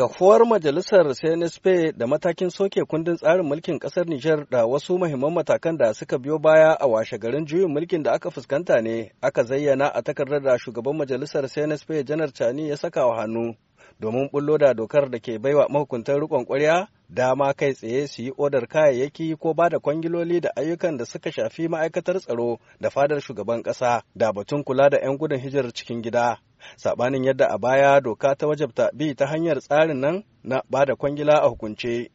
Kafuwar majalisar CNSP da matakin soke kundin tsarin mulkin kasar Nijar da wasu mahimman matakan da suka biyo baya a washe garin juyin mulkin da aka fuskanta ne aka zayyana a takardar da shugaban majalisar CNSP Janar Chani ya saka wa hannu domin bullo da dokar da ke baiwa mahukuntar rikon kwarya dama kai tsaye su yi odar kayayyaki ko ba da kwangiloli da ayyukan da suka shafi ma'aikatar tsaro da fadar shugaban ƙasa da batun kula da 'yan gudun hijirar cikin gida. sabanin yadda a baya doka ta wajabta bi ta hanyar tsarin nan na ba da kwangila a hukunce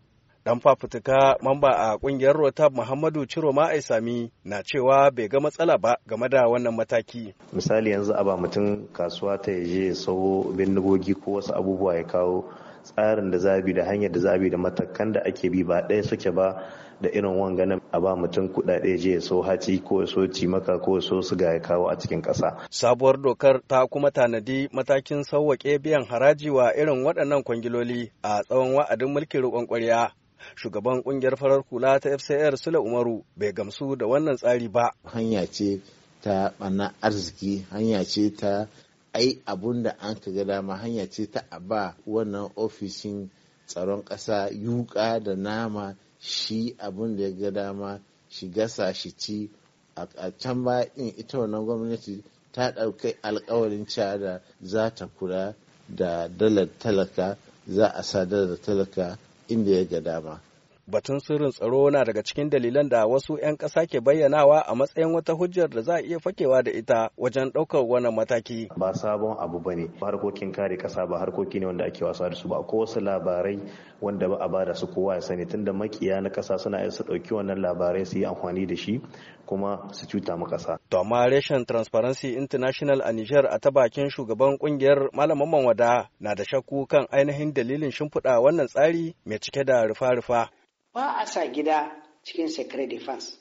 dan fafutuka mamba a kungiyar rotab muhammadu ciroma aisami na cewa bai ga matsala ba game da wannan mataki misali yanzu a ba mutum kasuwa ta yaje ya sau bindigogi ko wasu abubuwa ya kawo tsarin da zabi da hanyar da zabi da matakan da ake bi ba ɗaya suke ba da irin wanganan a ba mutum kuɗaɗe je ya so haci ko ya so cimaka ko ya so suga ya kawo a cikin ƙasa. Sabuwar dokar ta kuma tanadi matakin sauwaƙe biyan haraji wa irin waɗannan kwangiloli a tsawon wa'adin mulkin riƙon ƙwarya. Shugaban ƙungiyar farar kula ta FCR Sule Umaru bai gamsu da wannan tsari ba. Hanya ce ta ɓanna arziki, hanya ce ta ai abun da an ka ga dama hanya ce ta a ba wannan ofishin tsaron ƙasa yuƙa da nama shi abin da ya ga dama shi gasa shi ci a can bayan ita wannan gwamnati ta ɗauki alkawarin cewa da za ta kula da dalar talaka za a sa dalar talaka inda ya ga dama batun sirrin tsaro na daga cikin dalilan da wasu 'yan ƙasa ke bayyanawa a matsayin wata hujjar da za a iya fakewa da ita wajen ɗaukar wannan mataki. Ba sabon abu ba ne, harkokin kare ƙasa ba harkoki ne wanda ake wasa da su ba, ko wasu labarai wanda ba a bada su kowa ya sani tunda makiya na ƙasa suna iya su ɗauki wannan labarai su yi amfani da shi kuma su cuta mu ƙasa. To amma reshen Transparency International a Niger a ta bakin shugaban ƙungiyar Malaman Wada na da shakku kan ainihin dalilin shimfiɗa wannan tsari mai cike da rufa-rufa. ba a sa gida cikin secret defense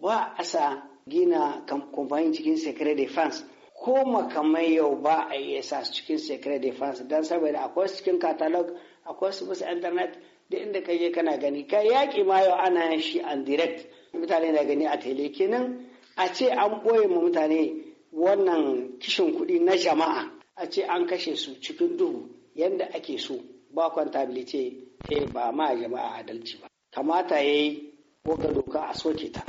ba a sa gina kamfanin cikin secret defense ko makamai yau ba a iya sa cikin secret defense don saboda akwai cikin catalog akwai su musu internet da inda ka je kana gani ka yaƙi ma yau ana yin shi an direct mutane na gani a tele kenan a ce an ɓoye ma mutane wannan kishin kuɗi na jama'a a ce an kashe su cikin duhu yadda ake so ba kwantabilice eh, ba ma jama'a adalci ba kamata ya yi ga doka a soke ta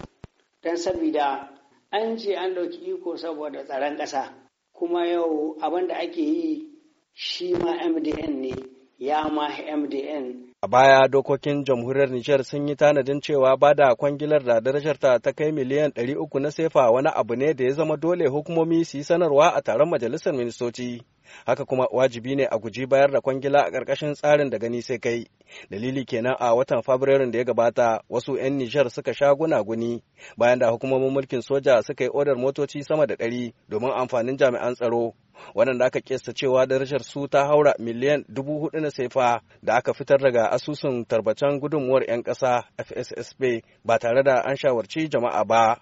don sabida an ce an ɗauki iko saboda tsaron ƙasa kuma yau abin da ake yi shi ma mdn ne ya ma mdn A baya dokokin jamhuriyar Nijar sun yi tanadin cewa ba da kwangilar da darajarta ta ta kai miliyan 300 na sefa wani abu ne da ya zama dole hukumomi su yi sanarwa a taron majalisar ministoci. Haka kuma wajibi ne a guji bayar da kwangila a ƙarƙashin tsarin da gani sai kai. Dalili kenan a watan Fabrairun da ya gabata wasu 'yan Nijar suka sha guni, bayan da hukumomin mulkin soja suka yi odar motoci sama da ɗari domin amfanin jami'an tsaro waɗanda aka kesa cewa darajar su ta haura miliyan dubu hudu na sefa da aka fitar daga asusun tarbacen gudunmuwar 'yan ƙasa fssb ba tare da an shawarci jama'a ba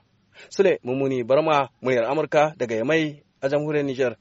sule mummuni barma muryar amurka daga yamai a jamhuriyar niger